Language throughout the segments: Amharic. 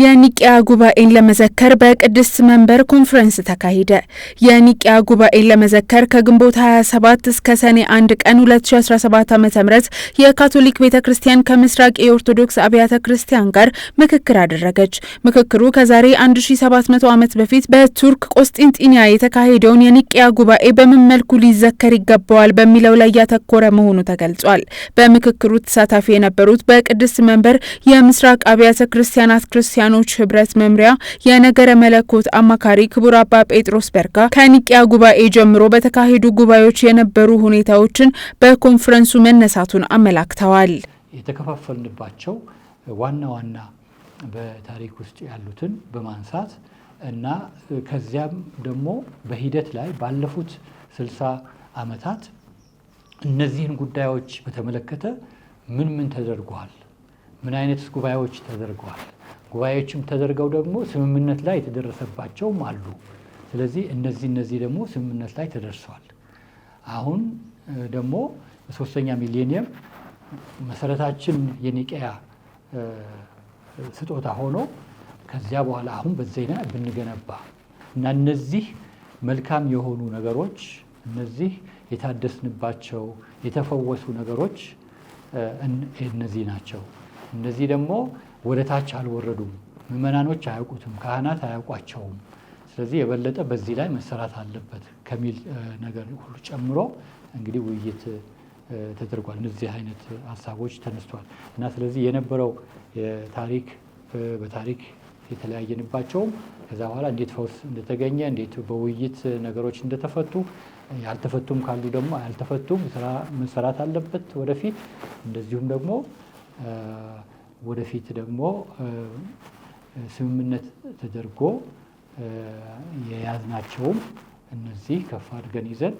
የኒቅያ ጉባኤን ለመዘከር በቅድስት መንበር ኮንፈረንስ ተካሄደ። የኒቅያ ጉባኤን ለመዘከር ከግንቦት 27 እስከ ሰኔ 1 ቀን 2017 ዓ ም የካቶሊክ ቤተ ክርስቲያን ከምስራቅ የኦርቶዶክስ አብያተ ክርስቲያን ጋር ምክክር አደረገች። ምክክሩ ከዛሬ 1700 ዓመት በፊት በቱርክ ቆስጢንጢንያ የተካሄደውን የኒቅያ ጉባኤ በምን መልኩ ሊዘከር ይገባዋል በሚለው ላይ ያተኮረ መሆኑ ተገልጿል። በምክክሩ ተሳታፊ የነበሩት በቅድስት መንበር የምስራቅ አብያተ ክርስቲያናት ክርስቲያ ክርስቲያኖች ህብረት መምሪያ የነገረ መለኮት አማካሪ ክቡር አባ ጴጥሮስ በርጋ ከኒቂያ ጉባኤ ጀምሮ በተካሄዱ ጉባኤዎች የነበሩ ሁኔታዎችን በኮንፈረንሱ መነሳቱን አመላክተዋል። የተከፋፈልንባቸው ዋና ዋና በታሪክ ውስጥ ያሉትን በማንሳት እና ከዚያም ደግሞ በሂደት ላይ ባለፉት ስልሳ ዓመታት እነዚህን ጉዳዮች በተመለከተ ምን ምን ተደርጓል፣ ምን አይነት ጉባኤዎች ተደርገዋል ጉባኤዎችም ተደርገው ደግሞ ስምምነት ላይ የተደረሰባቸውም አሉ። ስለዚህ እነዚህ እነዚህ ደግሞ ስምምነት ላይ ተደርሰዋል። አሁን ደግሞ ሶስተኛ ሚሊኒየም መሰረታችን የኒቀያ ስጦታ ሆኖ ከዚያ በኋላ አሁን በዜና ብንገነባ እና እነዚህ መልካም የሆኑ ነገሮች እነዚህ የታደስንባቸው የተፈወሱ ነገሮች እነዚህ ናቸው። እነዚህ ደግሞ ወደ ታች አልወረዱም። ምዕመናኖች አያውቁትም፣ ካህናት አያውቋቸውም። ስለዚህ የበለጠ በዚህ ላይ መሰራት አለበት ከሚል ነገር ሁሉ ጨምሮ እንግዲህ ውይይት ተደርጓል። እነዚህ አይነት ሀሳቦች ተነስተዋል እና ስለዚህ የነበረው የታሪክ በታሪክ የተለያየንባቸውም ከዛ በኋላ እንዴት ፈውስ እንደተገኘ እንዴት በውይይት ነገሮች እንደተፈቱ ያልተፈቱም ካሉ ደግሞ ያልተፈቱም ስራ መሰራት አለበት ወደፊት እንደዚሁም ደግሞ ወደፊት ደግሞ ስምምነት ተደርጎ የያዝናቸውም እነዚህ ከፍ አድርገን ይዘን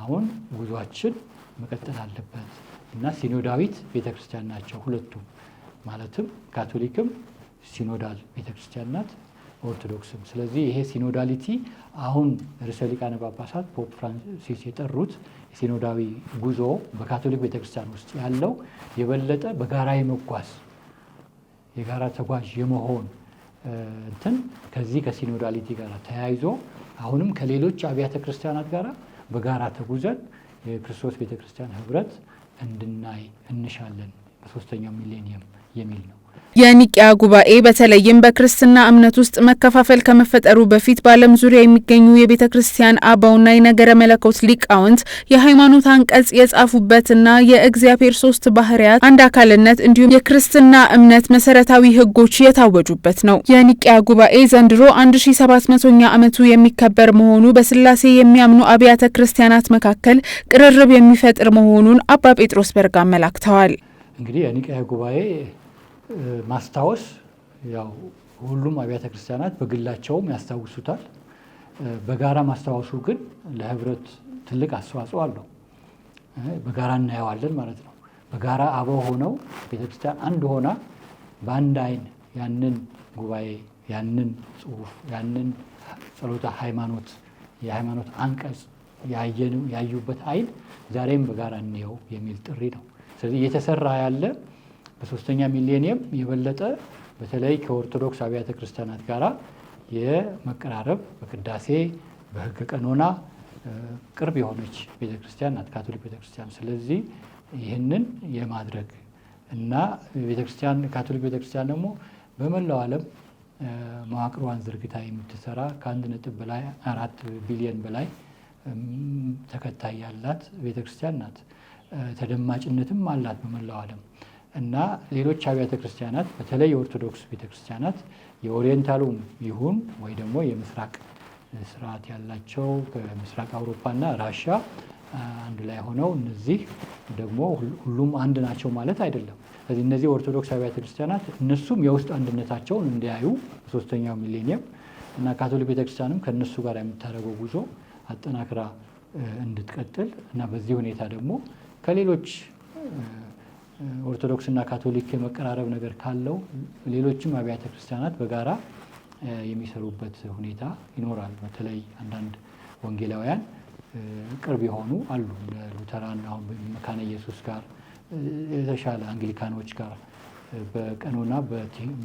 አሁን ጉዟችን መቀጠል አለበት እና ሲኖዳዊት ቤተክርስቲያን ናቸው ሁለቱም። ማለትም ካቶሊክም ሲኖዳል ቤተክርስቲያን ናት፣ ኦርቶዶክስም። ስለዚህ ይሄ ሲኖዳሊቲ አሁን ርዕሰ ሊቃነ ጳጳሳት ፖፕ ፍራንሲስ የጠሩት ሲኖዳዊ ጉዞ በካቶሊክ ቤተክርስቲያን ውስጥ ያለው የበለጠ በጋራ የመጓዝ የጋራ ተጓዥ የመሆን እንትን ከዚህ ከሲኖዳሊቲ ጋር ተያይዞ አሁንም ከሌሎች አብያተ ክርስቲያናት ጋር በጋራ ተጉዘን የክርስቶስ ቤተክርስቲያን ህብረት እንድናይ እንሻለን በሶስተኛው ሚሌኒየም የሚል ነው። የኒቂያ ጉባኤ በተለይም በክርስትና እምነት ውስጥ መከፋፈል ከመፈጠሩ በፊት በዓለም ዙሪያ የሚገኙ የቤተ ክርስቲያን አበውና የነገረ መለኮት ሊቃውንት የሃይማኖት አንቀጽ የጻፉበትና የእግዚአብሔር ሶስት ባህርያት አንድ አካልነት እንዲሁም የክርስትና እምነት መሰረታዊ ህጎች የታወጁበት ነው። የኒቅያ ጉባኤ ዘንድሮ 1700ኛ ዓመቱ የሚከበር መሆኑ በስላሴ የሚያምኑ አብያተ ክርስቲያናት መካከል ቅርርብ የሚፈጥር መሆኑን አባ ጴጥሮስ በርግ አመላክተዋል። እንግዲህ የኒቅያ ጉባኤ ማስታወስ ያው ሁሉም አብያተ ክርስቲያናት በግላቸውም ያስታውሱታል። በጋራ ማስታወሱ ግን ለህብረት ትልቅ አስተዋጽኦ አለው። በጋራ እናየዋለን ማለት ነው። በጋራ አበው ሆነው ቤተክርስቲያን አንድ ሆና በአንድ አይን ያንን ጉባኤ፣ ያንን ጽሁፍ፣ ያንን ጸሎተ ሃይማኖት፣ የሃይማኖት አንቀጽ ያዩበት አይን ዛሬም በጋራ እንየው የሚል ጥሪ ነው። ስለዚህ እየተሰራ ያለ በሶስተኛ ሚሌኒየም የበለጠ በተለይ ከኦርቶዶክስ አብያተ ክርስቲያናት ጋራ የመቀራረብ በቅዳሴ በህገ ቀኖና ቅርብ የሆነች ቤተክርስቲያን ናት ካቶሊክ ቤተክርስቲያን። ስለዚህ ይህንን የማድረግ እና ቤተክርስቲያን ካቶሊክ ቤተክርስቲያን ደግሞ በመላው ዓለም መዋቅሯን ዘርግታ የምትሰራ ከአንድ ነጥብ በላይ አራት ቢሊዮን በላይ ተከታይ ያላት ቤተክርስቲያን ናት። ተደማጭነትም አላት በመላው ዓለም። እና ሌሎች አብያተ ክርስቲያናት በተለይ የኦርቶዶክስ ቤተክርስቲያናት የኦሪየንታሉም ይሁን ወይ ደግሞ የምስራቅ ስርዓት ያላቸው ከምስራቅ አውሮፓና ራሽያ አንድ ላይ ሆነው እነዚህ ደግሞ ሁሉም አንድ ናቸው ማለት አይደለም። ስለዚህ እነዚህ ኦርቶዶክስ አብያተ ክርስቲያናት እነሱም የውስጥ አንድነታቸውን እንዲያዩ ሶስተኛው ሚሌኒየም እና ካቶሊክ ቤተክርስቲያንም ከእነሱ ጋር የምታደርገው ጉዞ አጠናክራ እንድትቀጥል እና በዚህ ሁኔታ ደግሞ ከሌሎች ኦርቶዶክስና ካቶሊክ የመቀራረብ ነገር ካለው ሌሎችም አብያተ ክርስቲያናት በጋራ የሚሰሩበት ሁኔታ ይኖራል። በተለይ አንዳንድ ወንጌላውያን ቅርብ የሆኑ አሉ። ሉተራን አሁን መካነ ኢየሱስ ጋር የተሻለ አንግሊካኖች ጋር በቀኖና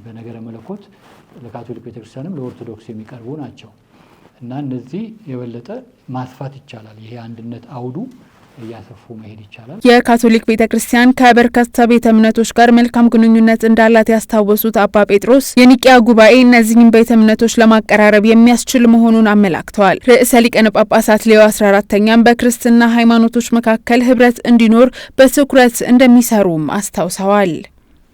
በነገረ መለኮት ለካቶሊክ ቤተክርስቲያንም ለኦርቶዶክስ የሚቀርቡ ናቸው እና እነዚህ የበለጠ ማስፋት ይቻላል። ይሄ አንድነት አውዱ እያሰፉ መሄድ ይቻላል። የካቶሊክ ቤተ ክርስቲያን ከበርካታ ቤተ እምነቶች ጋር መልካም ግንኙነት እንዳላት ያስታወሱት አባ ጴጥሮስ የኒቅያ ጉባኤ እነዚህን ቤተ እምነቶች ለማቀራረብ የሚያስችል መሆኑን አመላክተዋል። ርዕሰ ሊቃነ ጳጳሳት ሌዮ 14 አራተኛም በክርስትና ሃይማኖቶች መካከል ህብረት እንዲኖር በትኩረት እንደሚሰሩም አስታውሰዋል።